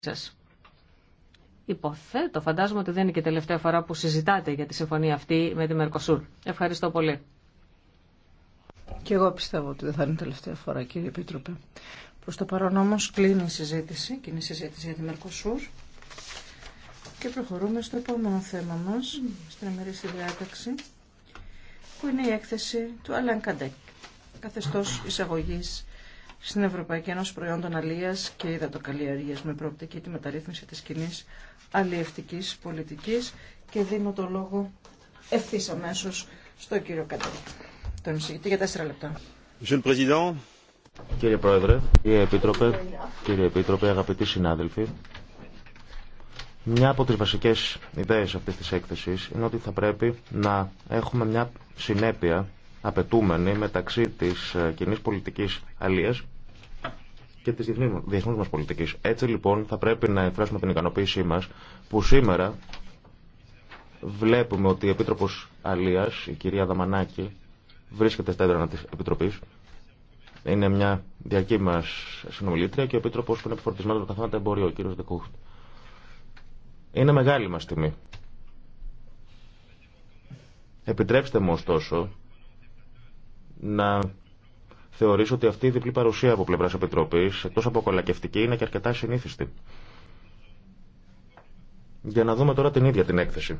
σας. Υποθέτω, φαντάζομαι ότι δεν είναι και η τελευταία φορά που συζητάτε για τη συμφωνία αυτή με τη Μερκοσούρ. Ευχαριστώ πολύ. Και εγώ πιστεύω ότι δεν θα είναι η τελευταία φορά, κύριε Επίτροπε. Προς το παρόν όμως κλείνει η συζήτηση, κοινή συζήτηση για τη Μερκοσούρ. Και προχωρούμε στο επόμενο θέμα μας, στην αμερίστη διάταξη, που είναι η έκθεση του Αλάν Καντέκ, καθεστώς εισαγωγής στην Ευρωπαϊκή Ένωση Προϊόντων Αλία και Ιδατοκαλλιεργία με προοπτική τη μεταρρύθμιση τη κοινή αλλιευτική πολιτική και δίνω το λόγο ευθύ αμέσω στον κύριο Κατέρη. Τον εισηγητή για τέσσερα λεπτά. Κύριε Πρόεδρε, κύριε Επίτροπε, κύριε Επίτροπε, αγαπητοί συνάδελφοι, μια από τις βασικές ιδέες αυτής της έκθεσης είναι ότι θα πρέπει να έχουμε μια συνέπεια απαιτούμενη μεταξύ της ε, κοινή πολιτικής αλίας και της διεθνού μα πολιτική. Έτσι λοιπόν θα πρέπει να εκφράσουμε την ικανοποίησή μας που σήμερα βλέπουμε ότι η Επίτροπος Αλίας, η κυρία Δαμανάκη, βρίσκεται στα έδρανα της Επιτροπής. Είναι μια διαρκή μα συνομιλήτρια και ο Επίτροπος που είναι των με τα θέματα εμπορίου, ο κύριος Δεκούχτ. Είναι μεγάλη μα τιμή. Επιτρέψτε μου ωστόσο να θεωρήσω ότι αυτή η διπλή παρουσία από πλευρά επιτροπή εκτό από κολακευτική, είναι και αρκετά συνήθιστη. Για να δούμε τώρα την ίδια την έκθεση.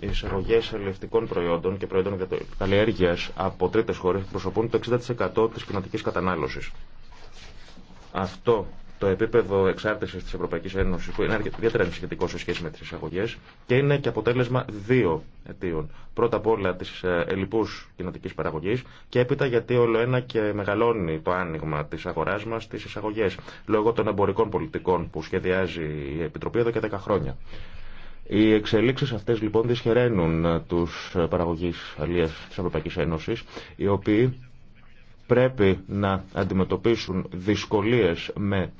Οι εισαγωγέ αλληλευτικών προϊόντων και προϊόντων καλλιέργεια από τρίτε χώρε προσωπούν το 60% τη κοινοτική κατανάλωση. Αυτό το επίπεδο εξάρτηση τη Ευρωπαϊκή Ένωση, που είναι ιδιαίτερα ενισχυτικό σε σχέση με τι εισαγωγέ, και είναι και αποτέλεσμα δύο αιτίων. Πρώτα απ' όλα τη ε, ελληπού κοινοτική παραγωγή και έπειτα γιατί όλο ένα και μεγαλώνει το άνοιγμα τη αγορά μα στι εισαγωγέ, λόγω των εμπορικών πολιτικών που σχεδιάζει η Επιτροπή εδώ και 10 χρόνια. Οι εξελίξει αυτέ λοιπόν δυσχεραίνουν ε, του ε, παραγωγεί αλίας τη Ευρωπαϊκή Ένωση, οι οποίοι πρέπει να αντιμετωπίσουν δυσκολίες με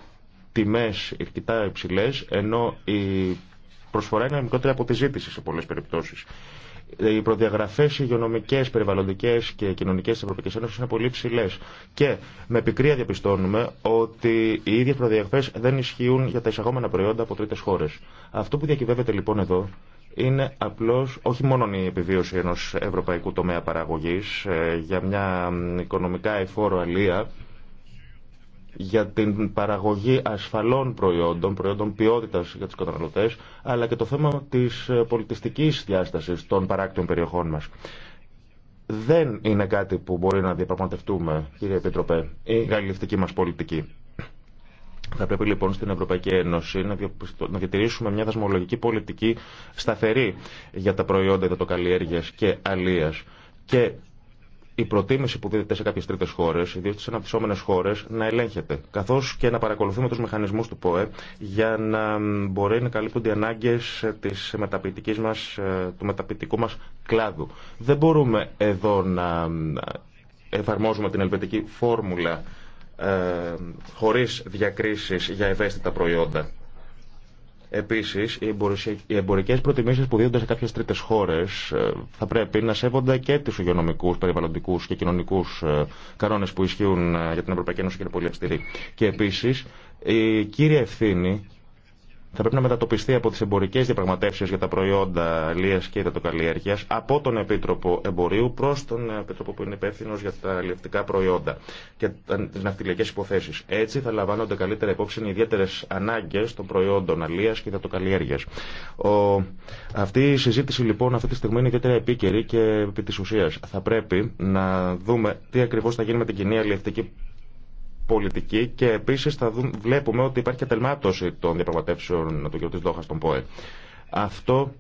τιμές αρκετά υψηλές, ενώ η προσφορά είναι μικρότερη από τη ζήτηση σε πολλές περιπτώσεις. Οι προδιαγραφέ υγειονομικέ, περιβαλλοντικέ και κοινωνικέ τη Ευρωπαϊκή Ένωση είναι πολύ ψηλέ. Και με πικρία διαπιστώνουμε ότι οι ίδιε προδιαγραφέ δεν ισχύουν για τα εισαγόμενα προϊόντα από τρίτε χώρε. Αυτό που διακυβεύεται λοιπόν εδώ είναι απλώς όχι μόνο η επιβίωση ενός ευρωπαϊκού τομέα παραγωγής ε, για μια οικονομικά εφόρο αλία, για την παραγωγή ασφαλών προϊόντων, προϊόντων ποιότητας για τους καταναλωτές, αλλά και το θέμα της ε, πολιτιστικής διάστασης των παράκτιων περιοχών μας. Δεν είναι κάτι που μπορεί να διαπραγματευτούμε, κύριε Επίτροπε, η γαλλιευτική μας πολιτική. Θα πρέπει λοιπόν στην Ευρωπαϊκή Ένωση να διατηρήσουμε μια δασμολογική πολιτική σταθερή για τα προϊόντα υδατοκαλλιέργεια και αλεία. Και η προτίμηση που δίδεται σε κάποιε τρίτε χώρε, ιδίω στι αναπτυσσόμενε χώρε, να ελέγχεται. Καθώ και να παρακολουθούμε του μηχανισμού του ΠΟΕ για να μπορεί να καλύπτουν οι ανάγκε ε, του μεταπητικού μα κλάδου. Δεν μπορούμε εδώ να ε, εφαρμόζουμε την ελβετική φόρμουλα ε, χωρίς διακρίσεις για ευαίσθητα προϊόντα. Επίσης, οι εμπορικές προτιμήσεις που δίνονται σε κάποιες τρίτες χώρες ε, θα πρέπει να σέβονται και τους υγειονομικούς, περιβαλλοντικούς και κοινωνικούς ε, κανόνες που ισχύουν για την Ευρωπαϊκή Ένωση και είναι πολύ Και επίσης, η κύρια ευθύνη θα πρέπει να μετατοπιστεί από τι εμπορικέ διαπραγματεύσει για τα προϊόντα αλλία και υδατοκαλλιέργεια από τον Επίτροπο Εμπορίου προ τον Επίτροπο που είναι υπεύθυνο για τα αλληλευτικά προϊόντα και τι ναυτιλιακέ υποθέσει. Έτσι θα λαμβάνονται καλύτερα υπόψη οι ιδιαίτερε ανάγκε των προϊόντων αλλία και υδατοκαλλιέργεια. Ο... Αυτή η συζήτηση λοιπόν αυτή τη στιγμή είναι ιδιαίτερα επίκαιρη και επί τη ουσία. Θα πρέπει να δούμε τι ακριβώ θα γίνει με την κοινή αλληλευτική πολιτική και επίση θα δουν, βλέπουμε ότι υπάρχει ατελμάτωση των διαπραγματεύσεων του κ. Δόχα στον ΠΟΕ. Αυτό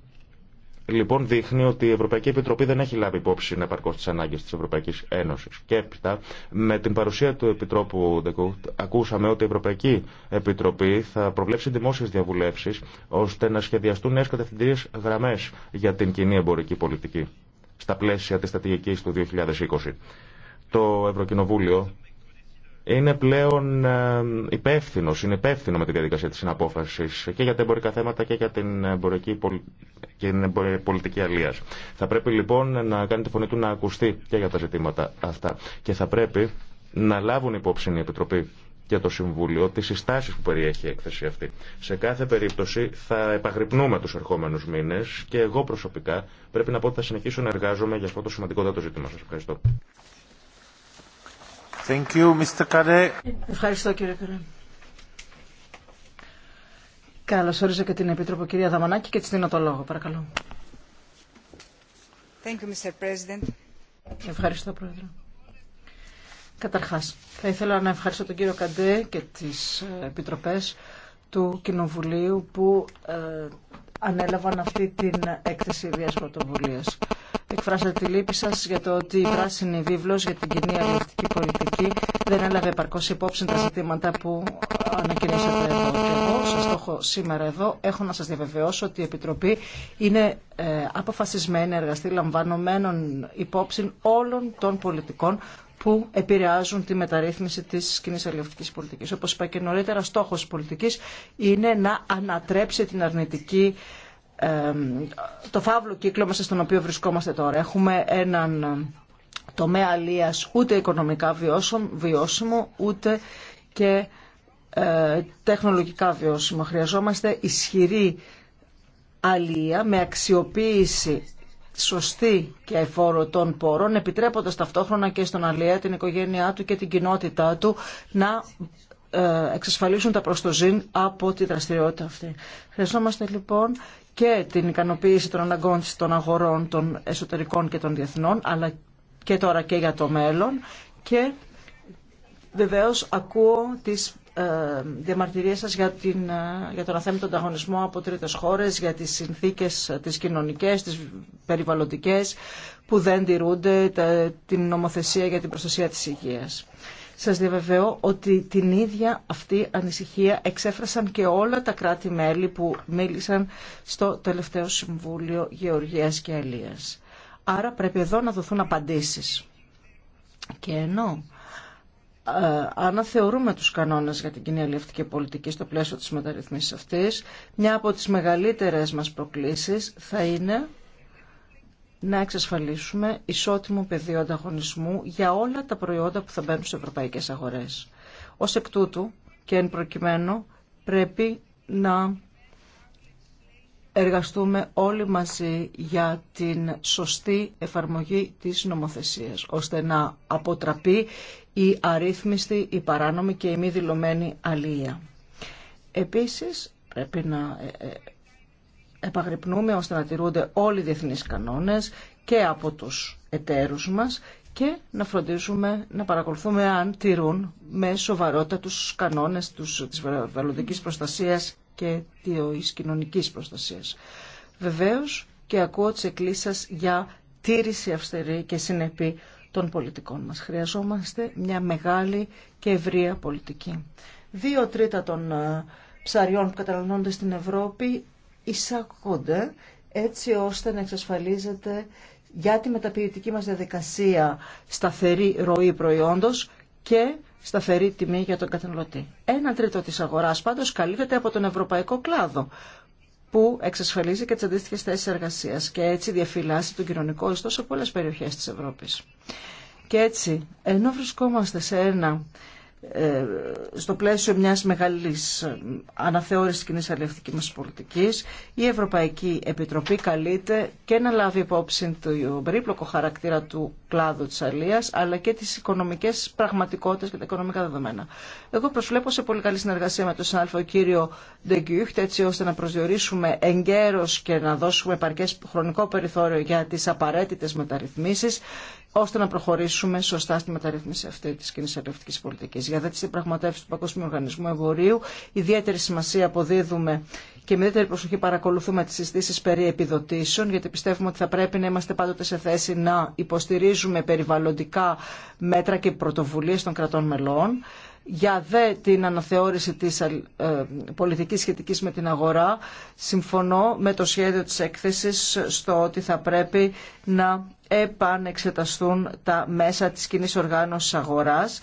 λοιπόν δείχνει ότι η Ευρωπαϊκή Επιτροπή δεν έχει λάβει υπόψη να επαρκώ τι ανάγκε τη Ευρωπαϊκή Ένωση. Και έπειτα, με την παρουσία του Επιτρόπου Ντεκούχτ, ακούσαμε ότι η Ευρωπαϊκή Επιτροπή θα προβλέψει δημόσιε διαβουλεύσει ώστε να σχεδιαστούν νέε κατευθυντήριε γραμμέ για την κοινή εμπορική πολιτική στα πλαίσια τη στρατηγική του 2020. Το Ευρωκοινοβούλιο είναι πλέον ε, υπεύθυνο, είναι υπεύθυνο με τη διαδικασία τη συναπόφαση και για τα εμπορικά θέματα και για την εμπορική και την πολιτική αλεία. Θα πρέπει λοιπόν να κάνει τη φωνή του να ακουστεί και για τα ζητήματα αυτά. Και θα πρέπει να λάβουν υπόψη η Επιτροπή και το Συμβούλιο τι συστάσει που περιέχει η έκθεση αυτή. Σε κάθε περίπτωση θα επαγρυπνούμε του ερχόμενου μήνε και εγώ προσωπικά πρέπει να πω ότι θα συνεχίσω να εργάζομαι για αυτό το σημαντικότατο ζήτημα. Σα ευχαριστώ. Thank you, Mr. Ευχαριστώ κύριε Καρέ. Καλώ όριζα και την Επίτροπο κυρία Δαμανάκη και τη δίνω το λόγο. Παρακαλώ. Thank you, Mr. President. Ευχαριστώ πρόεδρε. Καταρχάς, θα ήθελα να ευχαριστώ τον κύριο Καντέ και τις ε, επιτροπές του Κοινοβουλίου που ε, ανέλαβαν αυτή την έκθεση ιδίας πρωτοβουλίας εκφράσατε τη λύπη σας για το ότι η πράσινη βίβλος για την κοινή αλληλευτική πολιτική δεν έλαβε επαρκώς υπόψη τα ζητήματα που ανακοινώσατε εδώ. Και εγώ σας το έχω σήμερα εδώ. Έχω να σας διαβεβαιώσω ότι η Επιτροπή είναι ε, αποφασισμένη εργαστή λαμβανωμένων υπόψη όλων των πολιτικών που επηρεάζουν τη μεταρρύθμιση τη κοινή αλληλευτική πολιτική. Όπω είπα και νωρίτερα, στόχο πολιτική είναι να ανατρέψει την αρνητική το φαύλο κύκλο μέσα στον οποίο βρισκόμαστε τώρα. Έχουμε έναν τομέα αλίας ούτε οικονομικά βιώσιμο, ούτε και ε, τεχνολογικά βιώσιμο. Χρειαζόμαστε ισχυρή αλία με αξιοποίηση σωστή και εφόρο των πόρων, επιτρέποντας ταυτόχρονα και στον αλία την οικογένειά του και την κοινότητά του να ε, εξασφαλίσουν τα προστοζήν από τη δραστηριότητα αυτή. Χρειαζόμαστε λοιπόν και την ικανοποίηση των αναγκών των αγορών των εσωτερικών και των διεθνών, αλλά και τώρα και για το μέλλον. Και βεβαίως ακούω τις ε, διαμαρτυρίες σας για, ε, για τον αθέμητο ανταγωνισμό από τρίτες χώρες, για τις συνθήκες ε, τις κοινωνικές, τις περιβαλλοντικές που δεν τηρούνται την νομοθεσία για την προστασία της υγείας. Σας διαβεβαιώ ότι την ίδια αυτή ανησυχία εξέφρασαν και όλα τα κράτη-μέλη που μίλησαν στο τελευταίο Συμβούλιο Γεωργίας και Αλίας. Άρα πρέπει εδώ να δοθούν απαντήσεις. Και ενώ ε, αναθεωρούμε τους κανόνες για την κοινή αλληλευτική πολιτική στο πλαίσιο της μεταρρυθμίσης αυτής, μια από τις μεγαλύτερες μας προκλήσεις θα είναι να εξασφαλίσουμε ισότιμο πεδίο ανταγωνισμού για όλα τα προϊόντα που θα μπαίνουν σε ευρωπαϊκές αγορές. Ως εκ τούτου και εν προκειμένου πρέπει να εργαστούμε όλοι μαζί για την σωστή εφαρμογή της νομοθεσίας, ώστε να αποτραπεί η αρρύθμιστη, η παράνομη και η μη δηλωμένη αλληλεία. Επίσης, πρέπει να ε, ε, επαγρυπνούμε ώστε να τηρούνται όλοι οι διεθνείς κανόνες και από τους εταίρους μας και να φροντίζουμε να παρακολουθούμε αν τηρούν με σοβαρότητα τους κανόνες τους, της βαλλοντικής προστασίας και της κοινωνικής προστασίας. Βεβαίως και ακούω τις εκκλήσεις για τήρηση αυστηρή και συνεπή των πολιτικών μας. Χρειαζόμαστε μια μεγάλη και ευρεία πολιτική. Δύο τρίτα των ε, ψαριών που καταναλώνονται στην Ευρώπη εισάγονται έτσι ώστε να εξασφαλίζεται για τη μεταποιητική μας διαδικασία σταθερή ροή προϊόντος και σταθερή τιμή για τον καταναλωτή. Ένα τρίτο της αγοράς πάντως καλύπτεται από τον ευρωπαϊκό κλάδο που εξασφαλίζει και τις αντίστοιχες θέσεις εργασίας και έτσι διαφυλάσσει τον κοινωνικό ιστό σε πολλές περιοχές της Ευρώπης. Και έτσι, ενώ βρισκόμαστε σε ένα ε, στο πλαίσιο μιας μεγάλης αναθεώρησης κοινής αλληλευτικής μας πολιτικής, η Ευρωπαϊκή Επιτροπή καλείται και να λάβει υπόψη το περίπλοκο χαρακτήρα του κλάδου της αλίας, αλλά και τις οικονομικές πραγματικότητες και τα οικονομικά δεδομένα. Εγώ προσβλέπω σε πολύ καλή συνεργασία με τον συνάδελφο κύριο Ντεγκιούχτ, έτσι ώστε να προσδιορίσουμε εγκαίρως και να δώσουμε επαρκές χρονικό περιθώριο για τις απαραίτητες μεταρρυθμίσεις ώστε να προχωρήσουμε σωστά στη μεταρρύθμιση αυτή τη κοινή αλληλευτική πολιτική. Για δε τι διαπραγματεύσει του Παγκόσμιου Οργανισμού Εμπορίου, ιδιαίτερη σημασία αποδίδουμε και με ιδιαίτερη προσοχή παρακολουθούμε τι συστήσει περί επιδοτήσεων, γιατί πιστεύουμε ότι θα πρέπει να είμαστε πάντοτε σε θέση να υποστηρίζουμε περιβαλλοντικά μέτρα και πρωτοβουλίε των κρατών μελών. Για δε την αναθεώρηση της ε, πολιτικής σχετικής με την αγορά, συμφωνώ με το σχέδιο της έκθεσης στο ότι θα πρέπει να επανεξεταστούν τα μέσα της κοινή οργάνωσης αγοράς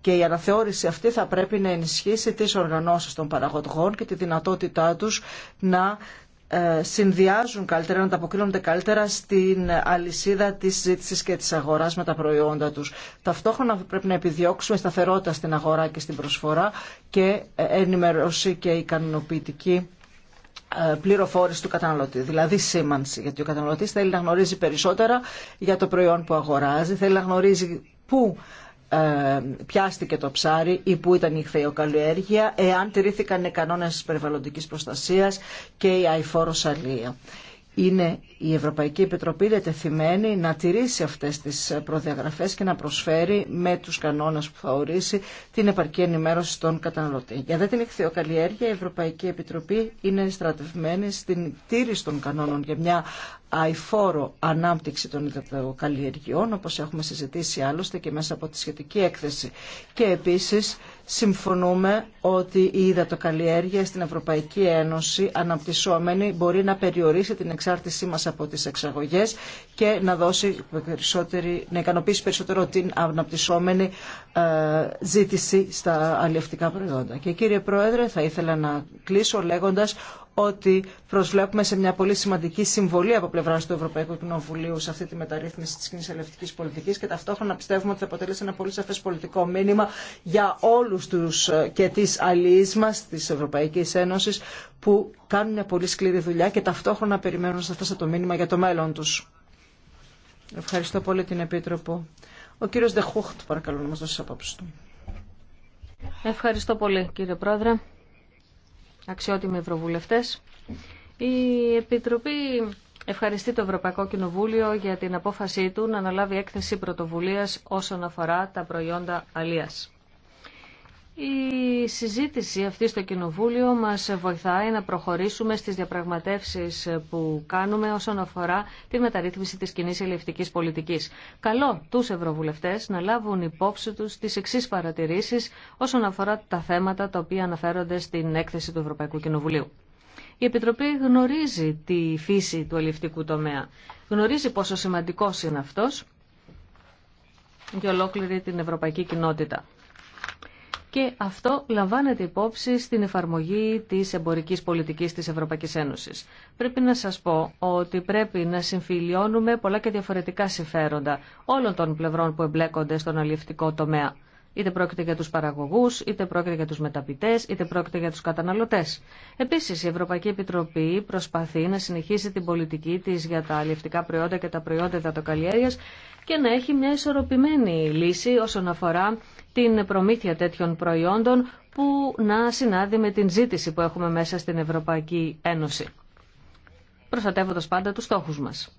και η αναθεώρηση αυτή θα πρέπει να ενισχύσει τις οργανώσεις των παραγωγών και τη δυνατότητά τους να συνδυάζουν καλύτερα, να ανταποκρίνονται καλύτερα στην αλυσίδα της ζήτηση και της αγοράς με τα προϊόντα τους. Ταυτόχρονα πρέπει να επιδιώξουμε σταθερότητα στην αγορά και στην προσφορά και ενημερώσει και ικανοποιητική ε, πληροφόρηση του καταναλωτή, δηλαδή σήμανση. Γιατί ο καταναλωτής θέλει να γνωρίζει περισσότερα για το προϊόν που αγοράζει, θέλει να γνωρίζει πού ε, πιάστηκε το ψάρι ή που ήταν η χθεοκαλλιέργεια, εάν τηρήθηκαν οι κανόνες περιβαλλοντικής προστασίας και η αηφόρος αλία. Είναι η Ευρωπαϊκή Επιτροπή είναι τεθειμένη να τηρήσει αυτές τις προδιαγραφές και να προσφέρει με τους κανόνες που θα ορίσει την επαρκή ενημέρωση των καταναλωτών. Για δε την ηχθειοκαλλιέργεια η Ευρωπαϊκή Επιτροπή είναι στρατευμένη στην τήρηση των κανόνων για μια αηφόρο ανάπτυξη των υδατοκαλλιεργειών, όπως έχουμε συζητήσει άλλωστε και μέσα από τη σχετική έκθεση. Και επίσης συμφωνούμε ότι η υδατοκαλλιέργεια στην Ευρωπαϊκή Ένωση αναπτυσσόμενη μπορεί να περιορίσει την εξάρτησή μας από τις εξαγωγές και να, δώσει περισσότερη, να ικανοποιήσει περισσότερο την αναπτυσσόμενη ε, ζήτηση στα αλληλευτικά προϊόντα. Και κύριε Πρόεδρε θα ήθελα να κλείσω λέγοντας ότι προσβλέπουμε σε μια πολύ σημαντική συμβολή από πλευρά του Ευρωπαϊκού Κοινοβουλίου σε αυτή τη μεταρρύθμιση τη κοινή ελευθερική πολιτική και ταυτόχρονα πιστεύουμε ότι θα αποτελέσει ένα πολύ σαφέ πολιτικό μήνυμα για όλου του ε, και τι αλληλεί μα τη Ευρωπαϊκή Ένωση που κάνουν μια πολύ σκληρή δουλειά και ταυτόχρονα περιμένουν σε αυτό το μήνυμα για το μέλλον του. Ευχαριστώ πολύ την Επίτροπο. Ο κύριο Δεχούχτ, παρακαλώ να μα δώσει τι του. Ευχαριστώ πολύ, κύριε Πρόεδρε αξιότιμοι ευρωβουλευτές. Η Επιτροπή ευχαριστεί το Ευρωπαϊκό Κοινοβούλιο για την απόφασή του να αναλάβει έκθεση πρωτοβουλία όσον αφορά τα προϊόντα αλίας. Η συζήτηση αυτή στο Κοινοβούλιο μας βοηθάει να προχωρήσουμε στις διαπραγματεύσεις που κάνουμε όσον αφορά τη μεταρρύθμιση της κοινή ελευθερικής πολιτικής. Καλό τους ευρωβουλευτές να λάβουν υπόψη τους τις εξή παρατηρήσεις όσον αφορά τα θέματα τα οποία αναφέρονται στην έκθεση του Ευρωπαϊκού Κοινοβουλίου. Η Επιτροπή γνωρίζει τη φύση του ελευθερικού τομέα. Γνωρίζει πόσο σημαντικός είναι αυτός για ολόκληρη την ευρωπαϊκή κοινότητα και αυτό λαμβάνεται υπόψη στην εφαρμογή της εμπορικής πολιτικής της Ευρωπαϊκής Ένωσης. Πρέπει να σας πω ότι πρέπει να συμφιλιώνουμε πολλά και διαφορετικά συμφέροντα όλων των πλευρών που εμπλέκονται στον αλληλευτικό τομέα. Είτε πρόκειται για τους παραγωγούς, είτε πρόκειται για τους μεταπητές, είτε πρόκειται για τους καταναλωτές. Επίσης, η Ευρωπαϊκή Επιτροπή προσπαθεί να συνεχίσει την πολιτική της για τα αλληλευτικά προϊόντα και τα προϊόντα υδατοκαλλιέργειας και να έχει μια ισορροπημένη λύση όσον αφορά την προμήθεια τέτοιων προϊόντων που να συνάδει με την ζήτηση που έχουμε μέσα στην Ευρωπαϊκή Ένωση, προστατεύοντας πάντα τους στόχους μας.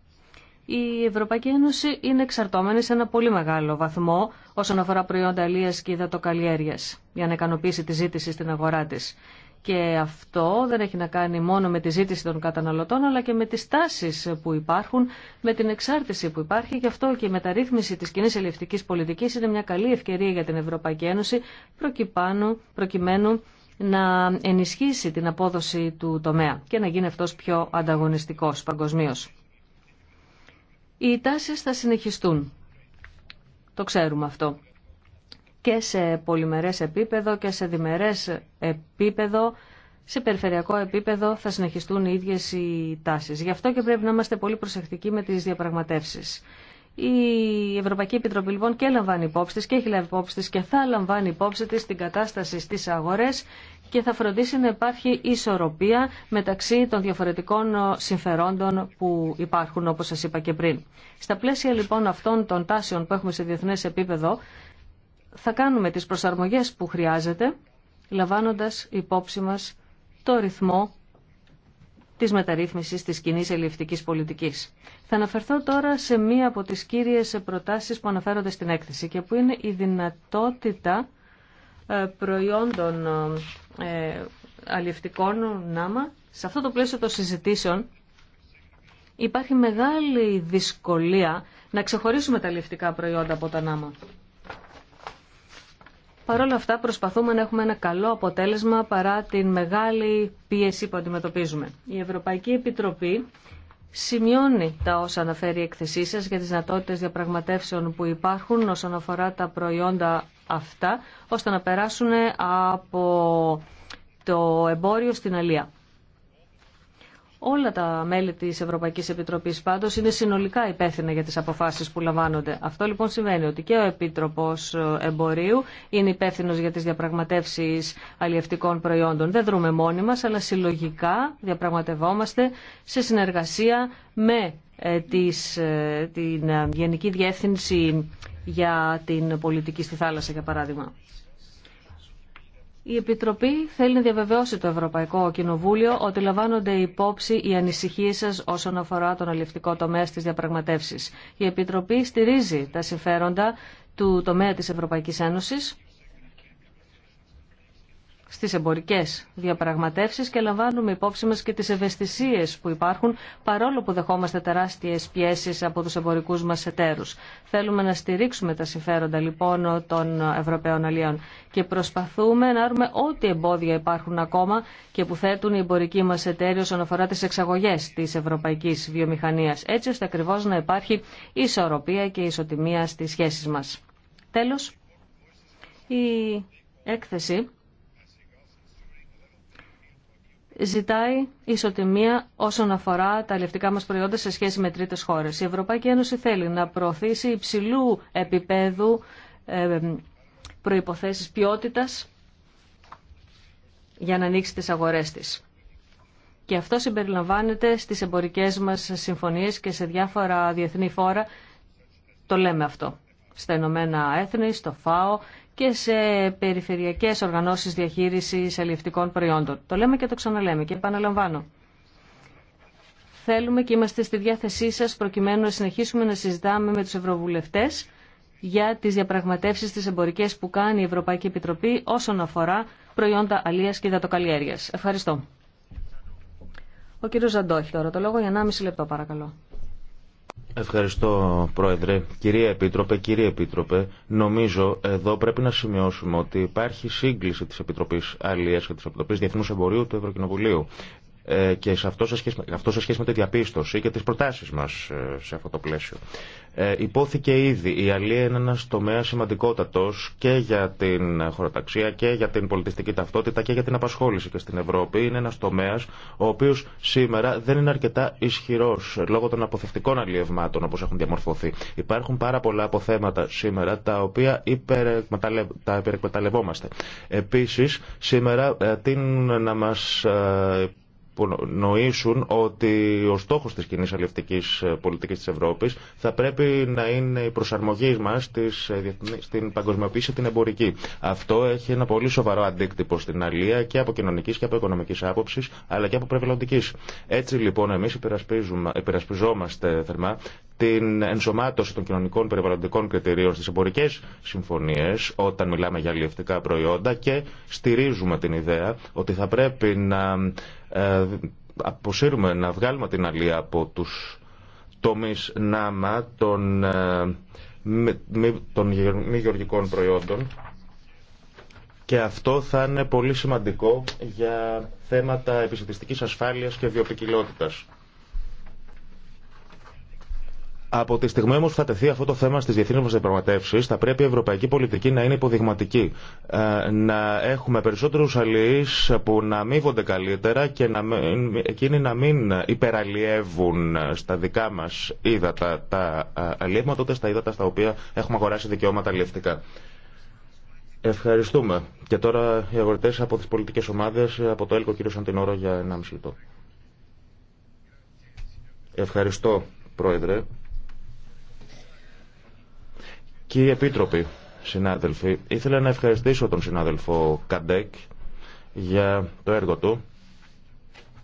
Η Ευρωπαϊκή Ένωση είναι εξαρτώμενη σε ένα πολύ μεγάλο βαθμό όσον αφορά προϊόντα αλίας και υδατοκαλλιέργειας για να ικανοποιήσει τη ζήτηση στην αγορά της. Και αυτό δεν έχει να κάνει μόνο με τη ζήτηση των καταναλωτών, αλλά και με τις τάσεις που υπάρχουν, με την εξάρτηση που υπάρχει. Γι' αυτό και η μεταρρύθμιση της κοινή ελευθερικής πολιτικής είναι μια καλή ευκαιρία για την Ευρωπαϊκή Ένωση, προκειμένου να ενισχύσει την απόδοση του τομέα και να γίνει αυτός πιο ανταγωνιστικός παγκοσμίω. Οι τάσεις θα συνεχιστούν. Το ξέρουμε αυτό και σε πολυμερές επίπεδο και σε διμερές επίπεδο, σε περιφερειακό επίπεδο θα συνεχιστούν οι ίδιες οι τάσεις. Γι' αυτό και πρέπει να είμαστε πολύ προσεκτικοί με τις διαπραγματεύσεις. Η Ευρωπαϊκή Επιτροπή λοιπόν και λαμβάνει υπόψη της και έχει λάβει υπόψη της και θα λαμβάνει υπόψη της την κατάσταση στις αγορές και θα φροντίσει να υπάρχει ισορροπία μεταξύ των διαφορετικών συμφερόντων που υπάρχουν όπως σας είπα και πριν. Στα πλαίσια λοιπόν αυτών των τάσεων που έχουμε σε διεθνές επίπεδο θα κάνουμε τις προσαρμογές που χρειάζεται, λαμβάνοντας υπόψη μας το ρυθμό της μεταρρύθμισης της κοινή ελληνικής πολιτικής. Θα αναφερθώ τώρα σε μία από τις κύριες προτάσεις που αναφέρονται στην έκθεση και που είναι η δυνατότητα ε, προϊόντων ε, αλληλευτικών νάμα. Σε αυτό το πλαίσιο των συζητήσεων υπάρχει μεγάλη δυσκολία να ξεχωρίσουμε τα αλληλευτικά προϊόντα από τα νάμα. Παρ' όλα αυτά προσπαθούμε να έχουμε ένα καλό αποτέλεσμα παρά την μεγάλη πίεση που αντιμετωπίζουμε. Η Ευρωπαϊκή Επιτροπή σημειώνει τα όσα αναφέρει η εκθεσή σα για τις δυνατότητες διαπραγματεύσεων που υπάρχουν όσον αφορά τα προϊόντα αυτά, ώστε να περάσουν από το εμπόριο στην αλία. Όλα τα μέλη της Ευρωπαϊκής Επιτροπής πάντως είναι συνολικά υπεύθυνα για τις αποφάσεις που λαμβάνονται. Αυτό λοιπόν σημαίνει ότι και ο Επίτροπος Εμπορίου είναι υπεύθυνος για τις διαπραγματεύσεις αλλιευτικών προϊόντων. Δεν δρούμε μόνοι μας, αλλά συλλογικά διαπραγματευόμαστε σε συνεργασία με ε, ε, την ε, Γενική Διεύθυνση για την Πολιτική στη Θάλασσα, για παράδειγμα. Η Επιτροπή θέλει να διαβεβαιώσει το Ευρωπαϊκό Κοινοβούλιο ότι λαμβάνονται υπόψη οι ανησυχίε σα όσον αφορά τον αληφτικό τομέα στι διαπραγματεύσει. Η Επιτροπή στηρίζει τα συμφέροντα του τομέα τη Ευρωπαϊκή Ένωση στις εμπορικές διαπραγματεύσεις και λαμβάνουμε υπόψη μας και τις ευαισθησίες που υπάρχουν παρόλο που δεχόμαστε τεράστιες πιέσεις από τους εμπορικούς μας εταίρους. Θέλουμε να στηρίξουμε τα συμφέροντα λοιπόν των Ευρωπαίων Αλλιών και προσπαθούμε να άρουμε ό,τι εμπόδια υπάρχουν ακόμα και που θέτουν οι εμπορικοί μας εταίροι όσον αφορά τις εξαγωγές της ευρωπαϊκής βιομηχανίας έτσι ώστε ακριβώ να υπάρχει ισορροπία και ισοτιμία στις σχέσεις μας. Τέλος, η έκθεση ζητάει ισοτιμία όσον αφορά τα αλληλευτικά μας προϊόντα σε σχέση με τρίτες χώρες. Η Ευρωπαϊκή Ένωση θέλει να προωθήσει υψηλού επίπεδου ε, προϋποθέσεις ποιότητας για να ανοίξει τις αγορές της. Και αυτό συμπεριλαμβάνεται στις εμπορικές μας συμφωνίες και σε διάφορα διεθνή φόρα. Το λέμε αυτό. Στα Ηνωμένα Έθνη, στο ΦΑΟ και σε περιφερειακές οργανώσεις διαχείρισης αλληλευτικών προϊόντων. Το λέμε και το ξαναλέμε και επαναλαμβάνω. Θέλουμε και είμαστε στη διάθεσή σας προκειμένου να συνεχίσουμε να συζητάμε με τους ευρωβουλευτές για τις διαπραγματεύσεις τις εμπορικέ που κάνει η Ευρωπαϊκή Επιτροπή όσον αφορά προϊόντα αλίας και υδατοκαλλιέργειας. Ευχαριστώ. Ο κύριος Ζαντόχη τώρα το λόγο για 1,5 λεπτό παρακαλώ. Ευχαριστώ Πρόεδρε. Κυρία Επίτροπε, κύριε Επίτροπε, νομίζω εδώ πρέπει να σημειώσουμε ότι υπάρχει σύγκληση της Επιτροπής Αλίας και της Επιτροπής Διεθνούς Εμπορίου του Ευρωκοινοβουλίου. Ε, και σε αυτό, σε σχέση, αυτό σε σχέση με τη διαπίστωση και τις προτάσεις μας ε, σε αυτό το πλαίσιο. Ε, υπόθηκε ήδη η αλία είναι ένα τομέα σημαντικότατος και για την χωροταξία και για την πολιτιστική ταυτότητα και για την απασχόληση και στην Ευρώπη. Είναι ένας τομέας ο οποίος σήμερα δεν είναι αρκετά ισχυρός ε, λόγω των αποθευτικών αλλιευμάτων όπως έχουν διαμορφωθεί. Υπάρχουν πάρα πολλά αποθέματα σήμερα τα οποία τα υπερεκμεταλλευόμαστε. Επίσης σήμερα την να μας που νοήσουν ότι ο στόχο τη κοινή αλληλευτική ε, πολιτική τη Ευρώπη θα πρέπει να είναι η προσαρμογή μα ε, στην παγκοσμιοποίηση την εμπορική. Αυτό έχει ένα πολύ σοβαρό αντίκτυπο στην αλία και από κοινωνική και από οικονομική άποψη, αλλά και από περιβαλλοντική. Έτσι λοιπόν εμεί υπερασπιζόμαστε θερμά την ενσωμάτωση των κοινωνικών περιβαλλοντικών κριτηρίων στις εμπορικές συμφωνίες όταν μιλάμε για αλληλευτικά προϊόντα και στηρίζουμε την ιδέα ότι θα πρέπει να ε, αποσύρουμε, να βγάλουμε την αλία από τους τομείς νάμα των, ε, μη γεωργικών προϊόντων και αυτό θα είναι πολύ σημαντικό για θέματα επιστημιστικής ασφάλειας και βιοπικιλότητας. Από τη στιγμή όμω που θα τεθεί αυτό το θέμα στι διεθνεί μα διαπραγματεύσει, θα πρέπει η ευρωπαϊκή πολιτική να είναι υποδειγματική. Ε, να έχουμε περισσότερου αλληλεί που να αμείβονται καλύτερα και να μην, εκείνοι να μην υπεραλλιεύουν στα δικά μα ύδατα τα ε, αλλιεύματα, ούτε στα ύδατα στα οποία έχουμε αγοράσει δικαιώματα αλληλευτικά. Ευχαριστούμε. Και τώρα οι αγορητέ από τι πολιτικέ ομάδε, από το ΕΛΚΟ, κύριο Σαντινόρο, για 1,5 λεπτό. Ευχαριστώ, Πρόεδρε. Κύριε Επίτροπη, συνάδελφοι, ήθελα να ευχαριστήσω τον συνάδελφο Καντέκ για το έργο του,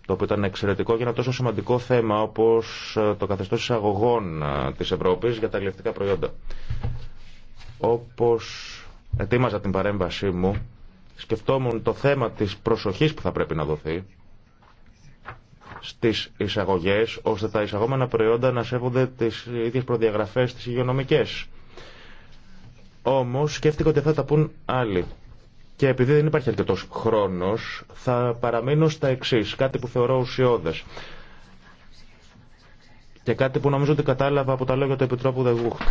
το οποίο ήταν εξαιρετικό για ένα τόσο σημαντικό θέμα όπως ε, το καθεστώς εισαγωγών ε, της Ευρώπης για τα ελληνικά προϊόντα. Όπως ετοίμαζα την παρέμβασή μου, σκεφτόμουν το θέμα της προσοχής που θα πρέπει να δοθεί στις εισαγωγές, ώστε τα εισαγόμενα προϊόντα να σέβονται τις ίδιες προδιαγραφές τις υγειονομικές Όμω σκέφτηκα ότι θα τα πούν άλλοι. Και επειδή δεν υπάρχει αρκετό χρόνο, θα παραμείνω στα εξή. Κάτι που θεωρώ ουσιώδε. Και κάτι που νομίζω ότι κατάλαβα από τα λόγια του Επιτρόπου Δεγούχτ.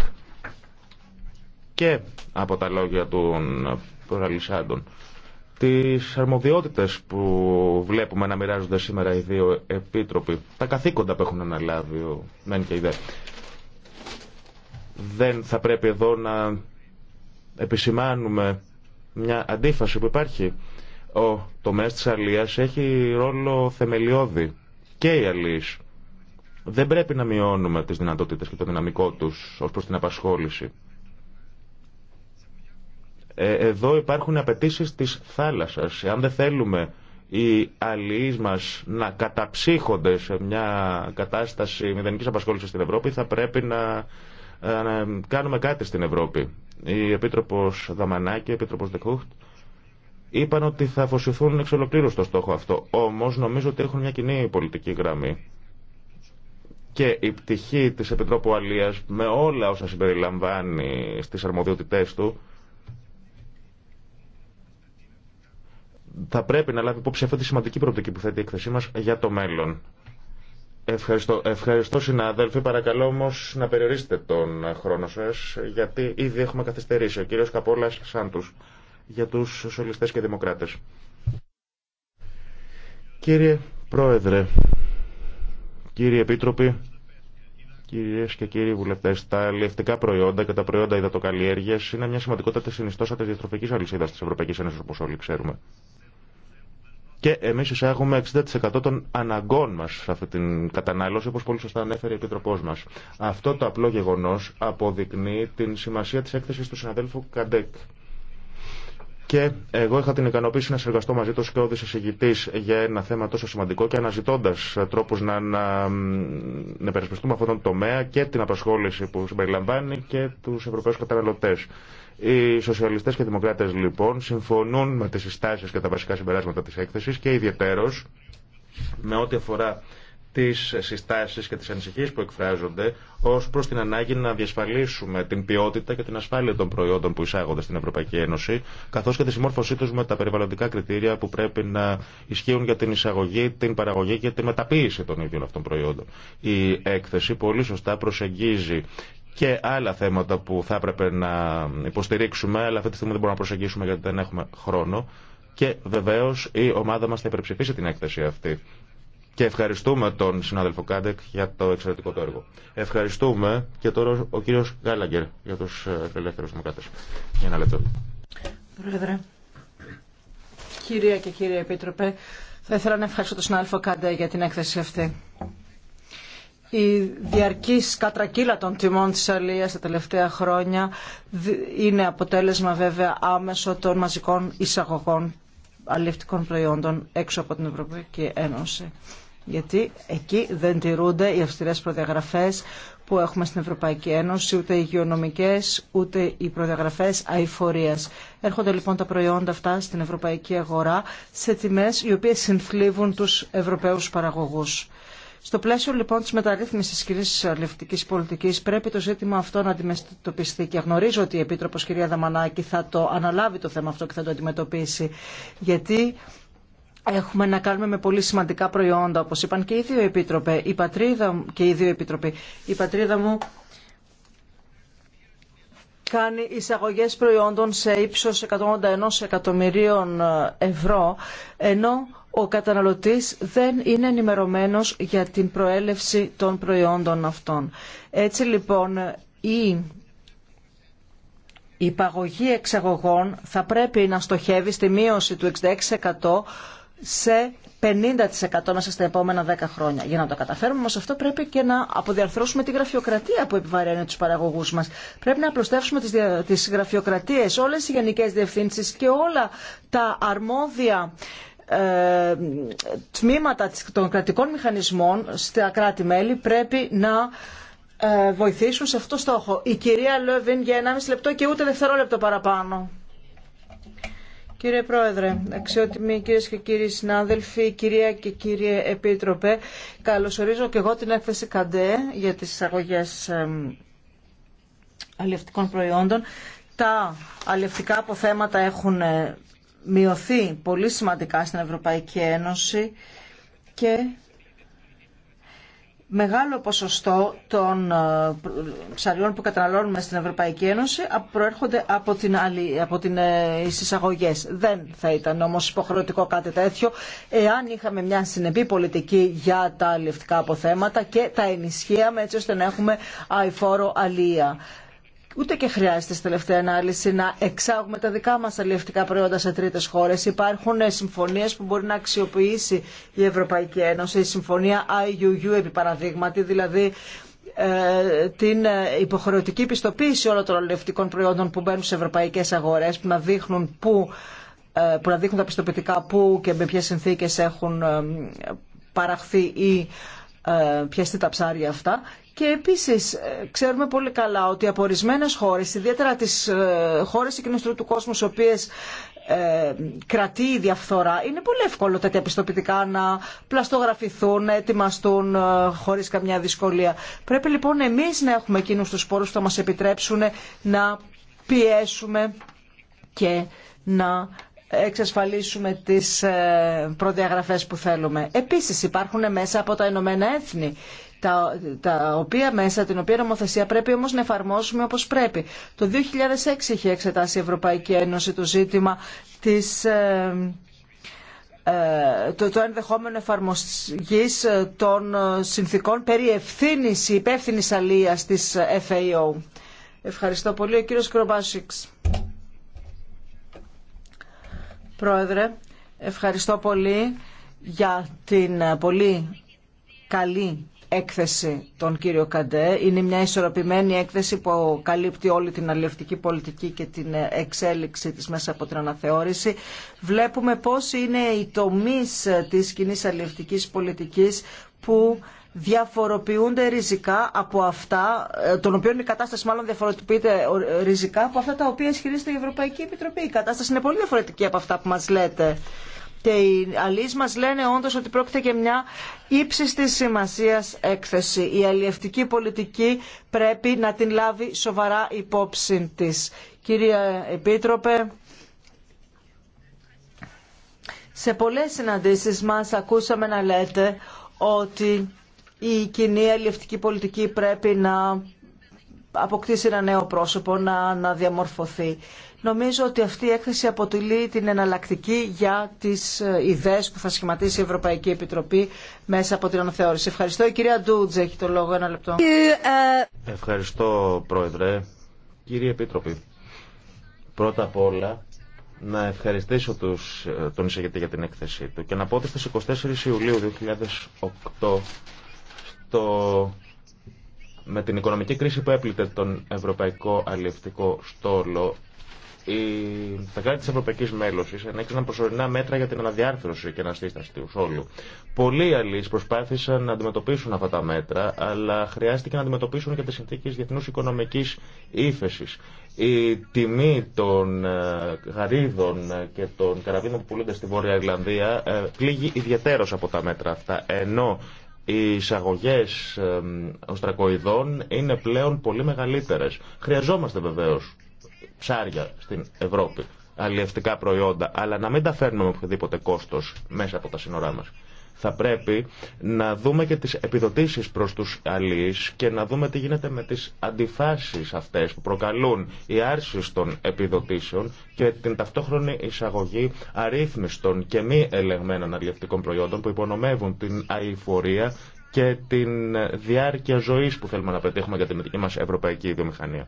Και από τα λόγια των προαλυσάντων. Τι αρμοδιότητε που βλέπουμε να μοιράζονται σήμερα οι δύο επίτροποι. Τα καθήκοντα που έχουν αναλάβει ο Μέν και η Δε. Δεν θα πρέπει εδώ να επισημάνουμε μια αντίφαση που υπάρχει. Ο τομέας της αλίας έχει ρόλο θεμελιώδη και οι αλίες. Δεν πρέπει να μειώνουμε τις δυνατότητες και το δυναμικό τους ως προς την απασχόληση. Ε, εδώ υπάρχουν απαιτήσει της θάλασσας. Αν δεν θέλουμε οι αλληλείς μας να καταψύχονται σε μια κατάσταση μηδενικής απασχόλησης στην Ευρώπη θα πρέπει να κάνουμε κάτι στην Ευρώπη. Η Επίτροπος Δαμανάκη, η επίτροπο Δεκούχτ, είπαν ότι θα αφοσιωθούν εξ ολοκλήρου στο στόχο αυτό. Όμως νομίζω ότι έχουν μια κοινή πολιτική γραμμή και η πτυχή τη Επιτρόπου Αλία με όλα όσα συμπεριλαμβάνει στις αρμοδιότητές του θα πρέπει να λάβει υπόψη αυτή τη σημαντική προοπτική που θέτει η εκθεσή μα για το μέλλον. Ευχαριστώ, ευχαριστώ συνάδελφοι. Παρακαλώ όμω να περιορίσετε τον χρόνο σα, γιατί ήδη έχουμε καθυστερήσει. Ο κύριο Καπόλα Σάντου για του σοσιαλιστέ και δημοκράτε. Κύριε Πρόεδρε, κύριε Επίτροποι, κυρίε και κύριοι βουλευτέ, τα αλληλευτικά προϊόντα και τα προϊόντα υδατοκαλλιέργεια είναι μια σημαντικότατη συνιστόσα τη διατροφική αλυσίδα τη Ευρωπαϊκή Ένωση, όπω όλοι ξέρουμε. Και εμεί εισάγουμε 60% των αναγκών μα σε αυτή την κατανάλωση, όπω πολύ σωστά ανέφερε η Επίτροπό μα. Αυτό το απλό γεγονό αποδεικνύει την σημασία τη έκθεση του συναδέλφου Καντέκ. Και εγώ είχα την ικανοποίηση να συνεργαστώ μαζί του και ο για ένα θέμα τόσο σημαντικό και αναζητώντα τρόπου να, να, να περισπιστούμε αυτόν τον τομέα και την απασχόληση που συμπεριλαμβάνει και του Ευρωπαίου καταναλωτέ. Οι σοσιαλιστές και δημοκράτες λοιπόν συμφωνούν με τις συστάσεις και τα βασικά συμπεράσματα της έκθεσης και ιδιαίτερος με ό,τι αφορά τις συστάσεις και τις ανησυχίες που εκφράζονται ως προς την ανάγκη να διασφαλίσουμε την ποιότητα και την ασφάλεια των προϊόντων που εισάγονται στην Ευρωπαϊκή Ένωση καθώς και τη συμμόρφωσή τους με τα περιβαλλοντικά κριτήρια που πρέπει να ισχύουν για την εισαγωγή, την παραγωγή και τη μεταποίηση των ίδιων αυτών προϊόντων. Η έκθεση πολύ σωστά προσεγγίζει και άλλα θέματα που θα έπρεπε να υποστηρίξουμε, αλλά αυτή τη στιγμή δεν μπορούμε να προσεγγίσουμε γιατί δεν έχουμε χρόνο. Και βεβαίω η ομάδα μα θα υπερψηφίσει την έκθεση αυτή. Και ευχαριστούμε τον συνάδελφο Κάντεκ για το εξαιρετικό του έργο. Ευχαριστούμε και τώρα ο κύριο Γκάλαγκερ για του ε, ελεύθερου δημοκράτε. Για ένα λεπτό. Πρόεδρε, κυρία και κύριε Επίτροπε, θα ήθελα να ευχαριστώ τον συνάδελφο Κάντεκ για την έκθεση αυτή η διαρκή κατρακύλα των τιμών της αλίας τα τελευταία χρόνια είναι αποτέλεσμα βέβαια άμεσο των μαζικών εισαγωγών αλληλευτικών προϊόντων έξω από την Ευρωπαϊκή Ένωση. Γιατί εκεί δεν τηρούνται οι αυστηρές προδιαγραφές που έχουμε στην Ευρωπαϊκή Ένωση, ούτε οι υγειονομικές, ούτε οι προδιαγραφές αηφορίας. Έρχονται λοιπόν τα προϊόντα αυτά στην ευρωπαϊκή αγορά σε τιμές οι οποίες συνθλίβουν τους ευρωπαίους παραγωγούς. Στο πλαίσιο λοιπόν τη μεταρρύθμιση τη κοινή αλληλευτική πολιτική, πρέπει το ζήτημα αυτό να αντιμετωπιστεί. Και γνωρίζω ότι η Επίτροπο κυρία Δαμανάκη θα το αναλάβει το θέμα αυτό και θα το αντιμετωπίσει. Γιατί Έχουμε να κάνουμε με πολύ σημαντικά προϊόντα, όπως είπαν και οι δύο επίτροπε, η πατρίδα, και οι δύο επίτροποι. Η πατρίδα μου κάνει εισαγωγές προϊόντων σε ύψος 181 εκατομμυρίων ευρώ, ενώ ο καταναλωτής δεν είναι ενημερωμένος για την προέλευση των προϊόντων αυτών. Έτσι λοιπόν η υπαγωγή εξαγωγών θα πρέπει να στοχεύει στη μείωση του 66% σε 50% μέσα στα επόμενα 10 χρόνια. Για να το καταφέρουμε όμως αυτό πρέπει και να αποδιαρθρώσουμε τη γραφειοκρατία που επιβαραίνει τους παραγωγούς μας. Πρέπει να απλωστεύσουμε τις, τις γραφειοκρατίες, όλες οι γενικές διευθύνσεις και όλα τα αρμόδια ε, τμήματα των κρατικών μηχανισμών στα κράτη-μέλη πρέπει να ε, βοηθήσουν σε αυτό το στόχο. Η κυρία Λεβίν για 1,5 λεπτό και ούτε δευτερόλεπτο παραπάνω. Κύριε Πρόεδρε, αξιότιμοι κυρίε και κύριοι συνάδελφοι, κυρία και κύριε Επίτροπε, καλωσορίζω και εγώ την έκθεση ΚΑΝΤΕ για τις εισαγωγές ε, αλληλευτικών προϊόντων. Τα αλληλευτικά αποθέματα έχουν μειωθεί πολύ σημαντικά στην Ευρωπαϊκή Ένωση και μεγάλο ποσοστό των ε, ψαριών που καταναλώνουμε στην Ευρωπαϊκή Ένωση προέρχονται από, την άλλη, από την, τις ε, εισαγωγές. Δεν θα ήταν όμως υποχρεωτικό κάτι τέτοιο εάν είχαμε μια συνεπή πολιτική για τα αλληλευτικά αποθέματα και τα ενισχύαμε έτσι ώστε να έχουμε αηφόρο αλία. Ούτε και χρειάζεται στη τελευταία ανάλυση να εξάγουμε τα δικά μας αλληλευτικά προϊόντα σε τρίτες χώρες. Υπάρχουν συμφωνίες που μπορεί να αξιοποιήσει η Ευρωπαϊκή Ένωση, η συμφωνία IUU επί παραδείγματι, δηλαδή ε, την υποχρεωτική πιστοποίηση όλων των αλληλευτικών προϊόντων που μπαίνουν σε ευρωπαϊκές αγορές, που να δείχνουν, που, ε, που να δείχνουν τα πιστοποιητικά που και με ποιες συνθήκες έχουν ε, παραχθεί ή ε, πιαστεί τα ψάρια αυτά. Και επίσης ε, ξέρουμε πολύ καλά ότι από ορισμένε χώρες, ιδιαίτερα τις ε, χώρες εκείνε του κόσμου, στις οποίες κρατεί η διαφθορά, είναι πολύ εύκολο τέτοια πιστοποιητικά να πλαστογραφηθούν, να ετοιμαστούν χωρίς καμιά δυσκολία. Πρέπει λοιπόν εμείς να έχουμε εκείνου τους πόρους που θα μας επιτρέψουν να πιέσουμε και να εξασφαλίσουμε τις ε, προδιαγραφές που θέλουμε. Επίσης υπάρχουν μέσα από τα Ηνωμένα Έθνη τα, τα οποία μέσα, την οποία νομοθεσία πρέπει όμως να εφαρμόσουμε όπως πρέπει. Το 2006 είχε εξετάσει η Ευρωπαϊκή Ένωση το ζήτημα της, ε, ε, το, το ενδεχόμενο εφαρμογής των συνθήκων περί ευθύνης, υπεύθυνης αλίας της FAO. Ευχαριστώ πολύ. Ο κύριος Κρομπάσικς. Πρόεδρε, ευχαριστώ πολύ για την ε, πολύ καλή έκθεση των κύριο Καντέ. Είναι μια ισορροπημένη έκθεση που καλύπτει όλη την αλληλευτική πολιτική και την ε, εξέλιξη της μέσα από την αναθεώρηση. Βλέπουμε πώς είναι οι τομείς ε, της κοινή αλληλευτικής πολιτικής που διαφοροποιούνται ριζικά από αυτά, ε, των οποίων η κατάσταση μάλλον διαφοροποιείται ε, ριζικά από αυτά τα οποία ισχυρίζεται η Ευρωπαϊκή Επιτροπή. Η κατάσταση είναι πολύ διαφορετική από αυτά που μας λέτε. Και οι αλείς μας λένε όντως ότι πρόκειται και μια ύψιστη σημασίας έκθεση. Η αλλιευτική πολιτική πρέπει να την λάβει σοβαρά υπόψη της. Κύριε Επίτροπε, σε πολλές συναντήσεις μας ακούσαμε να λέτε ότι η κοινή αλληλευτική πολιτική πρέπει να αποκτήσει ένα νέο πρόσωπο, να, να διαμορφωθεί. Νομίζω ότι αυτή η έκθεση αποτελεί την εναλλακτική για τις ε, ιδέες που θα σχηματίσει η Ευρωπαϊκή Επιτροπή μέσα από την αναθεώρηση. Ευχαριστώ. Η κυρία Ντούτζ έχει το λόγο. Ένα λεπτό. Ευχαριστώ, Πρόεδρε. Κύριε Επίτροπη, πρώτα απ' όλα να ευχαριστήσω τους, ε, τον εισαγητή για την έκθεσή του και να πω ότι στις 24 Ιουλίου 2008 το... με την οικονομική κρίση που έπληκε τον ευρωπαϊκό αλληλευτικό στόλο, η, τα κράτη τη Ευρωπαϊκή Μέλωση ενέκριναν προσωρινά μέτρα για την αναδιάρθρωση και αναστήσταση του στόλου. Πολλοί αλλοί προσπάθησαν να αντιμετωπίσουν αυτά τα μέτρα, αλλά χρειάστηκε να αντιμετωπίσουν και τι συνθήκε διεθνού οικονομική ύφεση. Η τιμή των ε, γαρίδων και των καραβίνων που πουλούνται στη Βόρεια Ιρλανδία ε, πλήγει ιδιαίτερω από τα μέτρα αυτά, ενώ οι εισαγωγέ οστρακοειδών είναι πλέον πολύ μεγαλύτερε. Χρειαζόμαστε βεβαίω ψάρια στην Ευρώπη, αλλιευτικά προϊόντα, αλλά να μην τα φέρνουμε με οποιοδήποτε κόστο μέσα από τα σύνορά μα. Θα πρέπει να δούμε και τις επιδοτήσεις προς τους αλλοίς και να δούμε τι γίνεται με τις αντιφάσεις αυτές που προκαλούν οι άρσεις των επιδοτήσεων και την ταυτόχρονη εισαγωγή αρρύθμιστων και μη ελεγμένων αλληλευτικών προϊόντων που υπονομεύουν την αηφορία και την διάρκεια ζωής που θέλουμε να πετύχουμε για την δική μας ευρωπαϊκή βιομηχανία.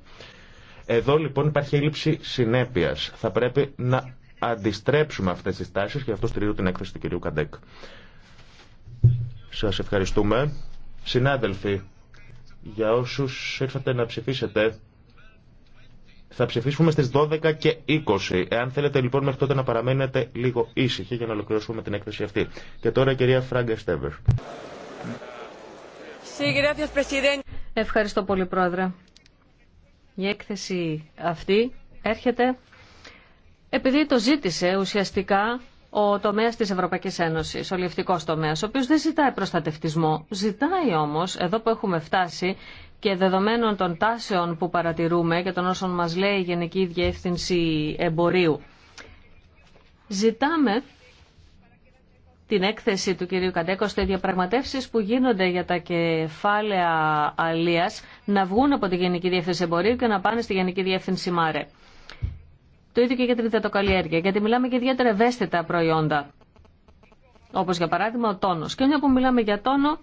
Εδώ λοιπόν υπάρχει έλλειψη συνέπειας. Θα πρέπει να αντιστρέψουμε αυτές τις τάσεις και αυτό στηρίζω την έκθεση του κυρίου Καντέκ. Σας ευχαριστούμε. Συνάδελφοι, για όσους ήρθατε να ψηφίσετε, θα ψηφίσουμε στις 12 και 20. Εάν θέλετε λοιπόν μέχρι τότε να παραμένετε λίγο ήσυχοι για να ολοκληρώσουμε την έκθεση αυτή. Και τώρα η κυρία Φράγκα Στέβερ. Ευχαριστώ πολύ πρόεδρε. Η έκθεση αυτή έρχεται επειδή το ζήτησε ουσιαστικά ο τομέας της Ευρωπαϊκής Ένωσης, ο λιευτικός τομέας, ο οποίος δεν ζητάει προστατευτισμό. Ζητάει όμως, εδώ που έχουμε φτάσει και δεδομένων των τάσεων που παρατηρούμε και των όσων μας λέει η Γενική Διεύθυνση Εμπορίου, ζητάμε την έκθεση του κυρίου Καντέκο στις διαπραγματεύσεις που γίνονται για τα κεφάλαια αλίας να βγουν από τη Γενική Διεύθυνση Εμπορίου και να πάνε στη Γενική Διεύθυνση Μάρε. Το ίδιο και για την υδατοκαλλιέργεια, γιατί μιλάμε για ιδιαίτερα ευαίσθητα προϊόντα. όπω για παράδειγμα ο τόνο. Και μια που μιλάμε για τόνο,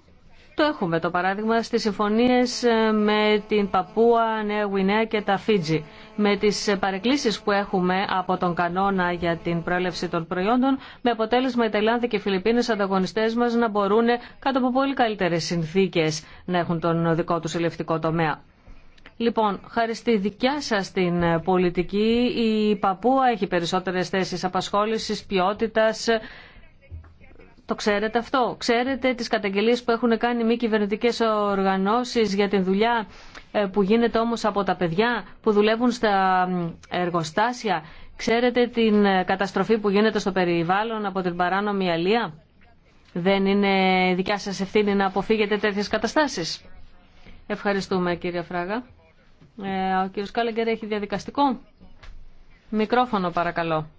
το έχουμε το παράδειγμα στις συμφωνίες ε, με την Παπούα, Νέα Γουινέα και τα Φίτζι. Με τις παρεκκλήσεις που έχουμε από τον κανόνα για την προέλευση των προϊόντων, με αποτέλεσμα οι Ταϊλάνδοι και οι Φιλιππίνες ανταγωνιστές μας να μπορούν κάτω από πολύ καλύτερες συνθήκες να έχουν τον δικό τους ηλεκτρικό τομέα. Λοιπόν, χάρη στη δικιά σα την ε, πολιτική, η Παπούα έχει περισσότερες θέσεις απασχόλησης, ποιότητα. Το ξέρετε αυτό. Ξέρετε τις καταγγελίες που έχουν κάνει μη κυβερνητικέ οργανώσεις για την δουλειά ε, που γίνεται όμως από τα παιδιά που δουλεύουν στα εργοστάσια. Ξέρετε την ε, καταστροφή που γίνεται στο περιβάλλον από την παράνομη αλία. Δεν είναι δικιά σας ευθύνη να αποφύγετε τέτοιες καταστάσεις. Ευχαριστούμε κύριε Φράγα. Ε, ο κύριος Κάλεγκερ έχει διαδικαστικό. Μικρόφωνο παρακαλώ.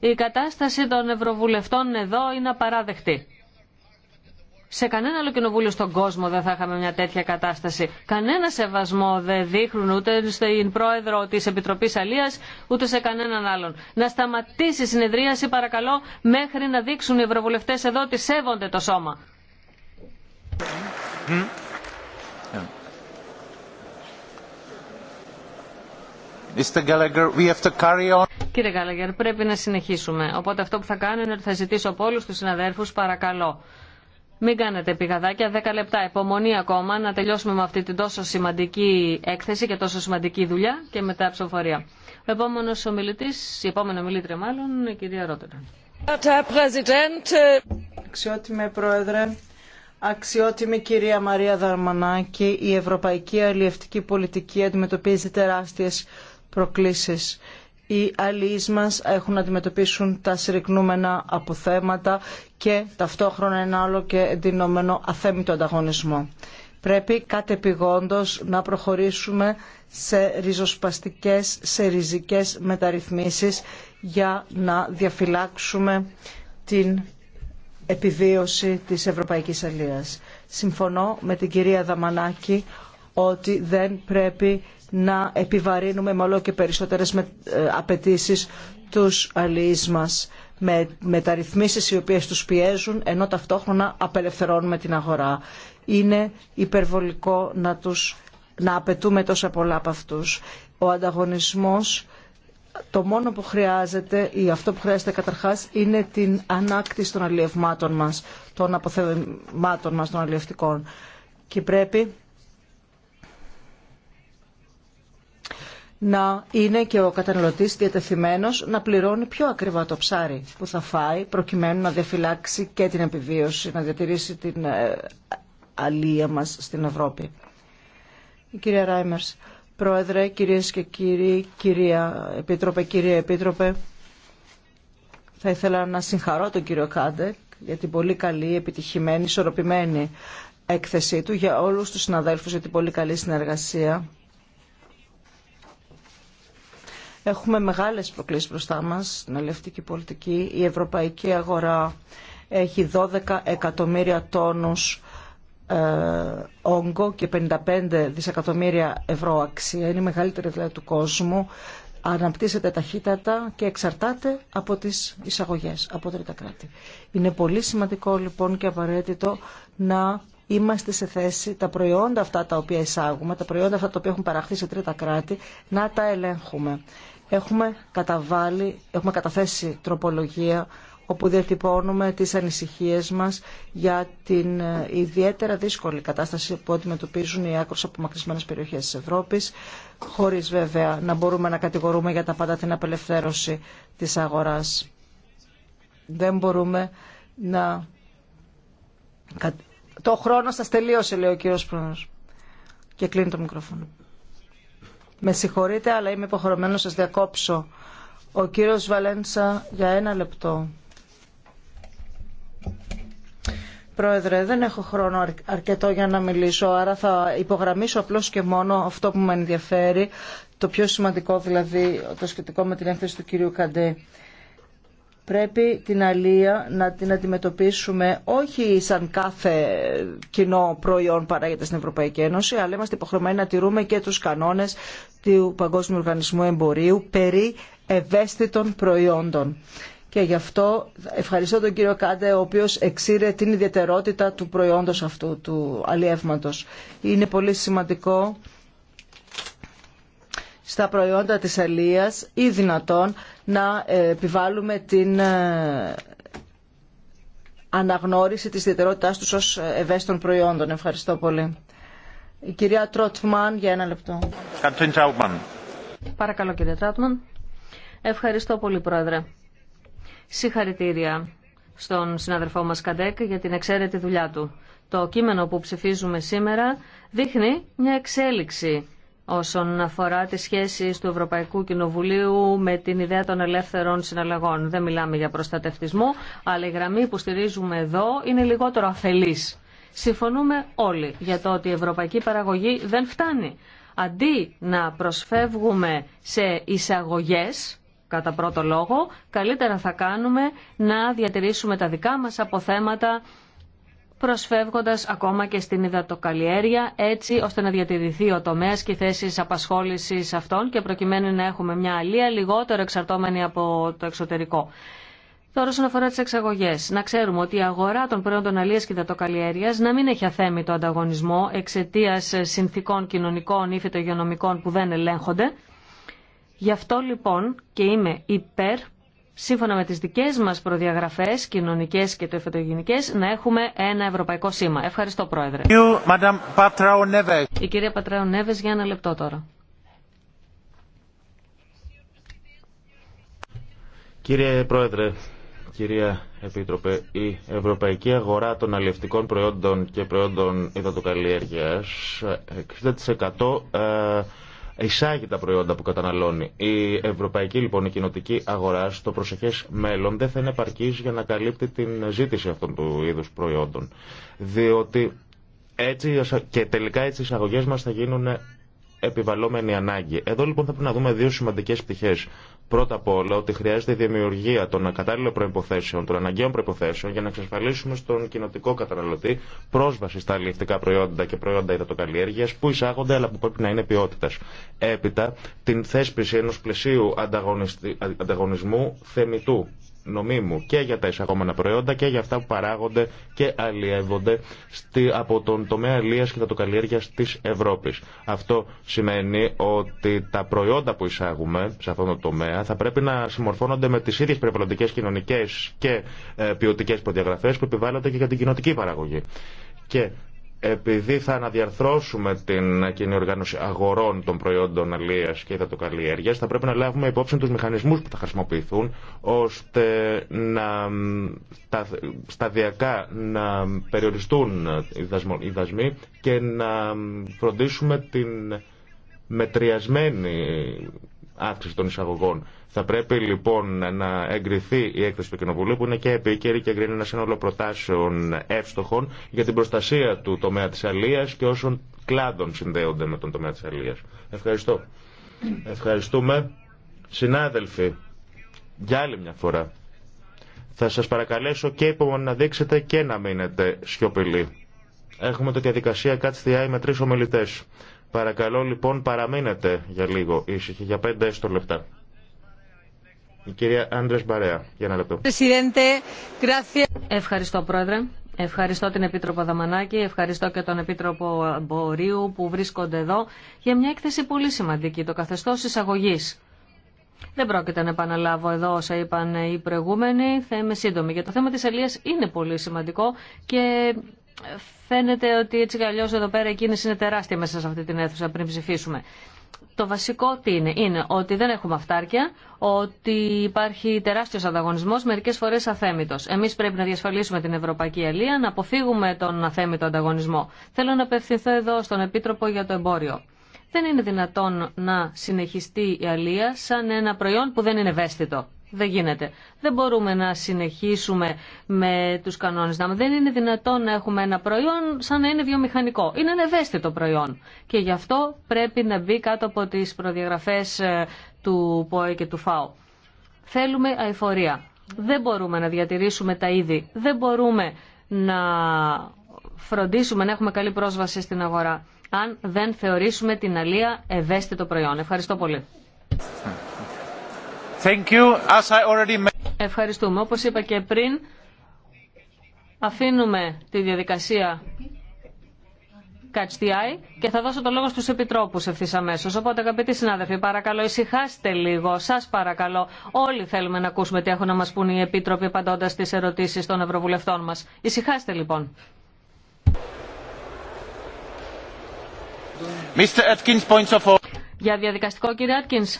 Η κατάσταση των ευρωβουλευτών εδώ είναι απαράδεκτη. Σε κανένα άλλο κοινοβούλιο στον κόσμο δεν θα είχαμε μια τέτοια κατάσταση. Κανένα σεβασμό δεν δείχνουν ούτε στην πρόεδρο τη Επιτροπή Αλία, ούτε σε κανέναν άλλον. Να σταματήσει η συνεδρίαση, παρακαλώ, μέχρι να δείξουν οι ευρωβουλευτέ εδώ ότι σέβονται το σώμα. Κύριε Γκάλαγκερ, πρέπει να συνεχίσουμε. Οπότε αυτό που θα κάνω είναι ότι θα ζητήσω από όλου του συναδέλφου, παρακαλώ, μην κάνετε πηγαδάκια, 10 λεπτά υπομονή ακόμα να τελειώσουμε με αυτή την τόσο σημαντική έκθεση και τόσο σημαντική δουλειά και μετά ψηφοφορία. Ο επόμενο ομιλητή, η επόμενη ομιλήτρια μάλλον, η κυρία Ρότερ. Αξιότιμε Πρόεδρε, Αξιότιμη κυρία Μαρία Δαρμανάκη, η ευρωπαϊκή αλλιευτική πολιτική αντιμετωπίζει τεράστιες προκλήσεις. Οι αλληλείς μας έχουν να αντιμετωπίσουν τα συρρυκνούμενα αποθέματα και ταυτόχρονα ένα άλλο και εντυνόμενο αθέμητο ανταγωνισμό. Πρέπει κατεπηγόντως να προχωρήσουμε σε ριζοσπαστικές, σε ριζικές μεταρρυθμίσεις για να διαφυλάξουμε την επιβίωση της Ευρωπαϊκής Αλίας. Συμφωνώ με την κυρία Δαμανάκη ότι δεν πρέπει να επιβαρύνουμε με όλο και περισσότερες ε, απαιτήσει τους αλληλείς μας με μεταρρυθμίσεις οι οποίες τους πιέζουν ενώ ταυτόχρονα απελευθερώνουμε την αγορά. Είναι υπερβολικό να, τους, να απαιτούμε τόσα πολλά από αυτούς. Ο ανταγωνισμός το μόνο που χρειάζεται ή αυτό που χρειάζεται καταρχάς είναι την ανάκτηση των αλλιευμάτων μας, των αποθεμάτων μας των αλλιευτικών. Και πρέπει να είναι και ο καταναλωτής διατεθειμένος να πληρώνει πιο ακριβά το ψάρι που θα φάει προκειμένου να διαφυλάξει και την επιβίωση, να διατηρήσει την ε, αλία μας στην Ευρώπη. Η κυρία Ράιμερς, Πρόεδρε, κυρίες και κύριοι, κυρία Επίτροπε, κύριε Επίτροπε, θα ήθελα να συγχαρώ τον κύριο Κάντεκ για την πολύ καλή, επιτυχημένη, ισορροπημένη έκθεσή του, για όλους τους συναδέλφους για την πολύ καλή συνεργασία Έχουμε μεγάλες προκλήσεις μπροστά μας, στην και πολιτική. Η ευρωπαϊκή αγορά έχει 12 εκατομμύρια τόνους ε, όγκο και 55 δισεκατομμύρια ευρώ αξία. Είναι η μεγαλύτερη δηλαδή του κόσμου. Αναπτύσσεται ταχύτατα και εξαρτάται από τις εισαγωγές, από τρίτα κράτη. Είναι πολύ σημαντικό λοιπόν και απαραίτητο να είμαστε σε θέση τα προϊόντα αυτά τα οποία εισάγουμε, τα προϊόντα αυτά τα οποία έχουν παραχθεί σε τρίτα κράτη, να τα ελέγχουμε έχουμε, καταβάλει, έχουμε καταθέσει τροπολογία όπου διατυπώνουμε τις ανησυχίες μας για την ε, ιδιαίτερα δύσκολη κατάσταση που αντιμετωπίζουν οι από απομακρυσμένες περιοχές της Ευρώπης, χωρίς βέβαια να μπορούμε να κατηγορούμε για τα πάντα την απελευθέρωση της αγοράς. Δεν μπορούμε να... Το χρόνο σας τελείωσε, λέει ο κύριος Πρόνος. Και κλείνει το μικρόφωνο. Με συγχωρείτε, αλλά είμαι υποχρεωμένο να σα διακόψω. Ο κύριο Βαλένσα για ένα λεπτό. Πρόεδρε, δεν έχω χρόνο αρκετό για να μιλήσω, άρα θα υπογραμμίσω απλώς και μόνο αυτό που με ενδιαφέρει, το πιο σημαντικό δηλαδή, το σχετικό με την έκθεση του κυρίου Καντέ πρέπει την αλία να την αντιμετωπίσουμε όχι σαν κάθε κοινό προϊόν παράγεται στην Ευρωπαϊκή Ένωση, αλλά είμαστε υποχρεωμένοι να τηρούμε και τους κανόνες του Παγκόσμιου Οργανισμού Εμπορίου περί ευαίσθητων προϊόντων. Και γι' αυτό ευχαριστώ τον κύριο Κάντε, ο οποίο εξήρε την ιδιαιτερότητα του προϊόντος αυτού, του αλλιεύματο. Είναι πολύ σημαντικό στα προϊόντα της αλίας ή δυνατόν να ε, επιβάλλουμε την ε, αναγνώριση της ιδιαιτερότητάς τους ως ευαίσθητων προϊόντων. Ευχαριστώ πολύ. Η κυρία Τρότμαν για ένα λεπτό. Παρακαλώ κύριε Τρότμαν. Ευχαριστώ πολύ πρόεδρε. Συγχαρητήρια στον συναδελφό μας Καντέκ για την εξαίρετη δουλειά του. Το κείμενο που ψηφίζουμε σήμερα δείχνει μια εξέλιξη όσον αφορά τις σχέσεις του Ευρωπαϊκού Κοινοβουλίου με την ιδέα των ελεύθερων συναλλαγών. Δεν μιλάμε για προστατευτισμό, αλλά η γραμμή που στηρίζουμε εδώ είναι λιγότερο αφελής. Συμφωνούμε όλοι για το ότι η ευρωπαϊκή παραγωγή δεν φτάνει. Αντί να προσφεύγουμε σε εισαγωγές, κατά πρώτο λόγο, καλύτερα θα κάνουμε να διατηρήσουμε τα δικά μας αποθέματα προσφεύγοντας ακόμα και στην υδατοκαλλιέργεια, έτσι ώστε να διατηρηθεί ο τομέας και οι θέσεις απασχόλησης αυτών και προκειμένου να έχουμε μια αλία λιγότερο εξαρτώμενη από το εξωτερικό. Τώρα, όσον αφορά τι εξαγωγέ, να ξέρουμε ότι η αγορά των προϊόντων αλία και υδατοκαλλιέργεια να μην έχει αθέμητο ανταγωνισμό εξαιτία συνθήκων κοινωνικών ή φυτογενομικών που δεν ελέγχονται. Γι' αυτό λοιπόν και είμαι υπέρ σύμφωνα με τις δικές μας προδιαγραφές, κοινωνικές και τεφετογενικές, να έχουμε ένα ευρωπαϊκό σήμα. Ευχαριστώ, Πρόεδρε. Η κυρία Πατράου Νέβες για ένα λεπτό τώρα. Κύριε Πρόεδρε, κυρία Επίτροπε, η ευρωπαϊκή αγορά των αλληλευτικών προϊόντων και προϊόντων υδατοκαλλιέργειας ε, 60% ε, εισάγει τα προϊόντα που καταναλώνει. Η ευρωπαϊκή λοιπόν η κοινοτική αγορά στο προσεχέ μέλλον δεν θα είναι επαρκή για να καλύπτει την ζήτηση αυτών του είδου προϊόντων. Διότι έτσι, και τελικά έτσι οι εισαγωγέ μα θα γίνουν επιβαλλόμενη ανάγκη. Εδώ λοιπόν θα πρέπει να δούμε δύο σημαντικέ πτυχέ. Πρώτα απ' όλα ότι χρειάζεται η δημιουργία των κατάλληλων προποθέσεων, των αναγκαίων προποθέσεων για να εξασφαλίσουμε στον κοινοτικό καταναλωτή πρόσβαση στα αλληλευτικά προϊόντα και προϊόντα υδατοκαλλιέργεια που εισάγονται αλλά που πρέπει να είναι ποιότητα. Έπειτα, την θέσπιση ενό πλαισίου ανταγωνισμού θεμητού νομίμου και για τα εισαγόμενα προϊόντα και για αυτά που παράγονται και αλλιεύονται από τον τομέα αλλίας και τα το καλλιέργεια της Ευρώπης. Αυτό σημαίνει ότι τα προϊόντα που εισάγουμε σε αυτόν τον τομέα θα πρέπει να συμμορφώνονται με τις ίδιες περιβαλλοντικέ κοινωνικές και ε, ποιοτικές προδιαγραφές που επιβάλλονται και για την κοινοτική παραγωγή. Και επειδή θα αναδιαρθρώσουμε την κοινή οργάνωση αγορών των προϊόντων αλλία και υδατοκαλλιέργεια, θα πρέπει να λάβουμε υπόψη του μηχανισμού που θα χρησιμοποιηθούν, ώστε να σταδιακά να περιοριστούν οι δασμοί και να φροντίσουμε την μετριασμένη αύξηση των εισαγωγών. Θα πρέπει λοιπόν να εγκριθεί η έκθεση του Κοινοβουλίου που είναι και επίκαιρη και εγκρίνει ένα σύνολο προτάσεων εύστοχων για την προστασία του τομέα της αλίας και όσων κλάδων συνδέονται με τον τομέα της αλίας. Ευχαριστώ. Ευχαριστούμε. Συνάδελφοι, για άλλη μια φορά, θα σας παρακαλέσω και να δείξετε και να μείνετε σιωπηλοί. Έχουμε το διαδικασία κάτι στη με τρει ομιλητέ. Παρακαλώ λοιπόν παραμείνετε για λίγο ήσυχοι, για πέντε έστω λεπτά. Η κυρία Άντρες Μπαρέα, για ένα λεπτό. Ευχαριστώ πρόεδρε. Ευχαριστώ την Επίτροπο Δαμανάκη, ευχαριστώ και τον Επίτροπο Μπορείου που βρίσκονται εδώ για μια έκθεση πολύ σημαντική, το καθεστώς εισαγωγής. Δεν πρόκειται να επαναλάβω εδώ όσα είπαν οι προηγούμενοι, θα είμαι σύντομη. Για το θέμα της Ελίας είναι πολύ σημαντικό και φαίνεται ότι έτσι κι εδώ πέρα η κίνηση είναι τεράστια μέσα σε αυτή την αίθουσα πριν ψηφίσουμε. Το βασικό τι είναι, είναι ότι δεν έχουμε αυτάρκεια, ότι υπάρχει τεράστιο ανταγωνισμό, μερικέ φορέ αθέμητο. Εμεί πρέπει να διασφαλίσουμε την Ευρωπαϊκή Αλία, να αποφύγουμε τον αθέμητο ανταγωνισμό. Θέλω να απευθυνθώ εδώ στον Επίτροπο για το Εμπόριο. Δεν είναι δυνατόν να συνεχιστεί η αλία σαν ένα προϊόν που δεν είναι ευαίσθητο. Δεν γίνεται. Δεν μπορούμε να συνεχίσουμε με τους κανόνες. Δεν είναι δυνατόν να έχουμε ένα προϊόν σαν να είναι βιομηχανικό. Είναι ένα ευαίσθητο προϊόν. Και γι' αυτό πρέπει να μπει κάτω από τις προδιαγραφές ε, του ΠΟΕ και του ΦΑΟ. Θέλουμε αηφορία. Δεν μπορούμε να διατηρήσουμε τα είδη. Δεν μπορούμε να φροντίσουμε να έχουμε καλή πρόσβαση στην αγορά αν δεν θεωρήσουμε την αλία ευαίσθητο προϊόν. Ευχαριστώ πολύ. Ευχαριστούμε. Όπως είπα και πριν, αφήνουμε τη διαδικασία Catch και θα δώσω το λόγο στους επιτρόπους ευθύ αμέσω. Οπότε αγαπητοί συνάδελφοι, παρακαλώ ησυχάστε λίγο, σας παρακαλώ. Όλοι θέλουμε να ακούσουμε τι έχουν να μας πούν οι επίτροποι απαντώντας τις ερωτήσεις των ευρωβουλευτών μας. Ησυχάστε λοιπόν. Για διαδικαστικό κύριε Atkins.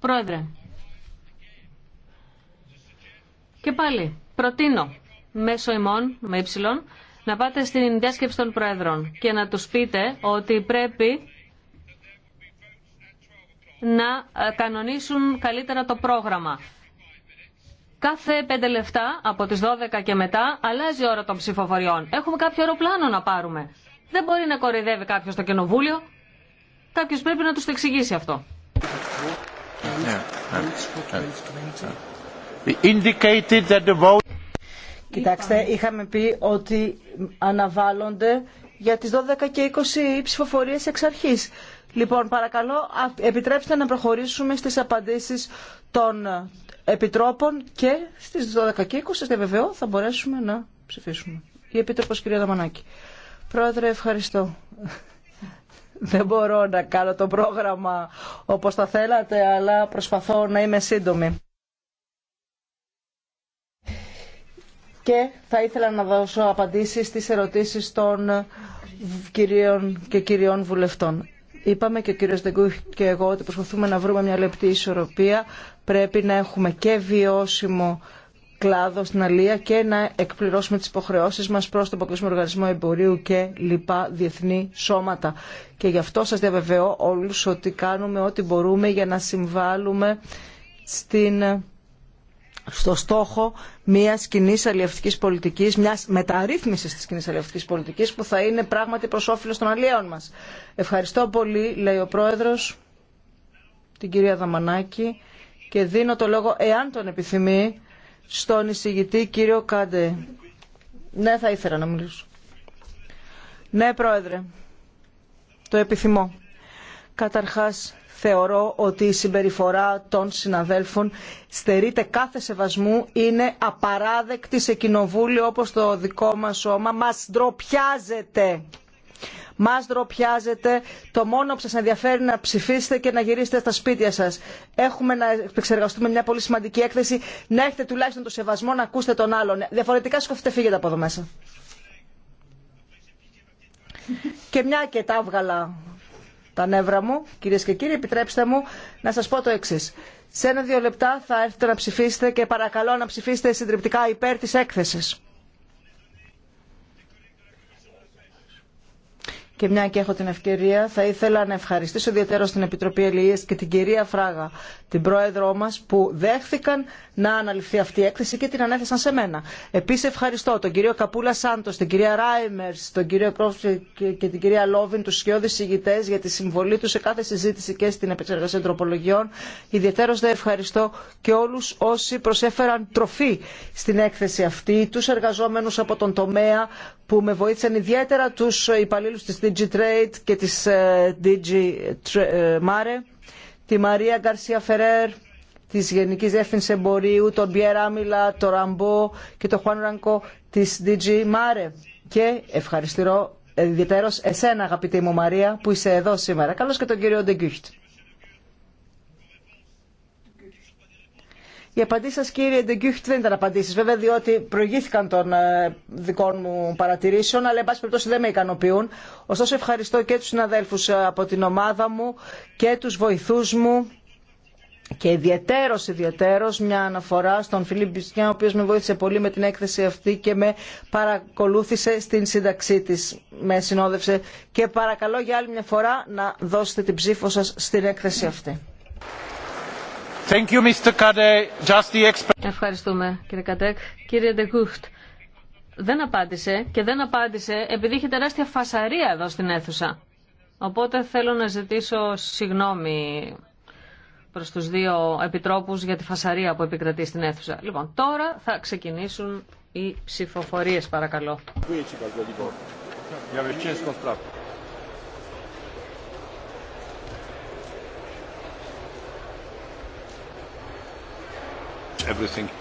Πρόεδρε, και πάλι προτείνω μέσω ημών, με ύψιλον να πάτε στην διάσκεψη των Προέδρων και να τους πείτε ότι πρέπει να ε, κανονίσουν καλύτερα το πρόγραμμα. Κάθε πέντε λεφτά από τις 12 και μετά αλλάζει η ώρα των ψηφοφοριών. Έχουμε κάποιο αεροπλάνο να πάρουμε. Δεν μπορεί να κοροϊδεύει κάποιος στο κοινοβούλιο. Κάποιος πρέπει να τους το εξηγήσει αυτό. Κοιτάξτε, είχαμε πει ότι αναβάλλονται για τις 12 και 20 ψηφοφορίες εξ αρχής. Λοιπόν, παρακαλώ, επιτρέψτε να προχωρήσουμε στις απαντήσεις των επιτρόπων και στις 12 και 20, βεβαιώ, θα μπορέσουμε να ψηφίσουμε. Η Επίτροπος κυρία Δαμανάκη. Πρόεδρε, ευχαριστώ δεν μπορώ να κάνω το πρόγραμμα όπως θα θέλατε, αλλά προσπαθώ να είμαι σύντομη. Και θα ήθελα να δώσω απαντήσεις στις ερωτήσεις των κυρίων και κυριών βουλευτών. Είπαμε και ο κύριος Δεγκού και εγώ ότι προσπαθούμε να βρούμε μια λεπτή ισορροπία. Πρέπει να έχουμε και βιώσιμο κλάδο στην Αλία και να εκπληρώσουμε τι υποχρεώσει μα προ τον Παγκόσμιο Οργανισμό Εμπορίου και λοιπά διεθνή σώματα. Και γι' αυτό σα διαβεβαιώ όλου ότι κάνουμε ό,τι μπορούμε για να συμβάλλουμε στην στο στόχο μια κοινή αλλιευτική πολιτική, μια μεταρρύθμιση τη κοινή αλλιευτική πολιτική που θα είναι πράγματι προ όφελο των αλλιέων μα. Ευχαριστώ πολύ, λέει ο πρόεδρο, την κυρία Δαμανάκη, και δίνω το λόγο, εάν τον επιθυμεί, στον εισηγητή κύριο Κάντε. Ναι, θα ήθελα να μιλήσω. Ναι, Πρόεδρε, το επιθυμώ. Καταρχάς, θεωρώ ότι η συμπεριφορά των συναδέλφων στερείται κάθε σεβασμού, είναι απαράδεκτη σε κοινοβούλιο όπως το δικό μας σώμα, μας ντροπιάζεται μας ντροπιάζετε, το μόνο που σας ενδιαφέρει να ψηφίσετε και να γυρίσετε στα σπίτια σας. Έχουμε να επεξεργαστούμε μια πολύ σημαντική έκθεση, να έχετε τουλάχιστον το σεβασμό να ακούσετε τον άλλον. Διαφορετικά σκοφτείτε φύγετε από εδώ μέσα. Και μια και τα έβγαλα τα νεύρα μου, κυρίε και κύριοι, επιτρέψτε μου να σα πω το εξή. Σε ένα-δύο λεπτά θα έρθετε να ψηφίσετε και παρακαλώ να ψηφίσετε συντριπτικά υπέρ τη έκθεση. Και μια και έχω την ευκαιρία, θα ήθελα να ευχαριστήσω ιδιαίτερα στην Επιτροπή Ελληνίας και την κυρία Φράγα, την πρόεδρό μας, που δέχθηκαν να αναλυφθεί αυτή η έκθεση και την ανέθεσαν σε μένα. Επίσης ευχαριστώ τον κύριο Καπούλα Σάντος, την κυρία Ράιμερς, τον κύριο Πρόφη και την κυρία Λόβιν, τους σκιώδεις ηγητές για τη συμβολή τους σε κάθε συζήτηση και στην επεξεργασία τροπολογιών. Ιδιαίτερα θα ευχαριστώ και όλους όσοι προσέφεραν τροφή στην έκθεση αυτή, τους εργαζόμενους από τον τομέα που με βοήθησαν ιδιαίτερα τους υπαλλήλους της DigiTrade και της ε, DigiMare, ε, τη Μαρία Γκαρσία Φερέρ, της Γενικής Διεύθυνσης Εμπορίου, τον Πιέρ Άμιλα, τον Ραμπό και τον Χουάν Ρανκό της DigiMare. Και ευχαριστηρώ ιδιαίτερος εσένα αγαπητή μου Μαρία που είσαι εδώ σήμερα, καλώς και τον κύριο Ντεγκούχτ. Οι απαντήσει σα, κύριε Ντεγκιούχτ, δεν ήταν απαντήσει, βέβαια, διότι προηγήθηκαν των ε, δικών μου παρατηρήσεων, αλλά, εν πάση περιπτώσει, δεν με ικανοποιούν. Ωστόσο, ευχαριστώ και του συναδέλφου ε, από την ομάδα μου και του βοηθού μου και ιδιαίτερο ιδιαίτερο μια αναφορά στον Φιλίπ Μπιστιά, ο οποίο με βοήθησε πολύ με την έκθεση αυτή και με παρακολούθησε στην σύνταξή τη. Με συνόδευσε και παρακαλώ για άλλη μια φορά να δώσετε την ψήφο σα στην έκθεση αυτή. Ευχαριστούμε κύριε Κατέκ. Κύριε Ντεγκούχτ, δεν απάντησε και δεν απάντησε επειδή είχε τεράστια φασαρία εδώ στην αίθουσα. Οπότε θέλω να ζητήσω συγγνώμη προς τους δύο επιτρόπους για τη φασαρία που επικρατεί στην αίθουσα. Λοιπόν, τώρα θα ξεκινήσουν οι ψηφοφορίες παρακαλώ. everything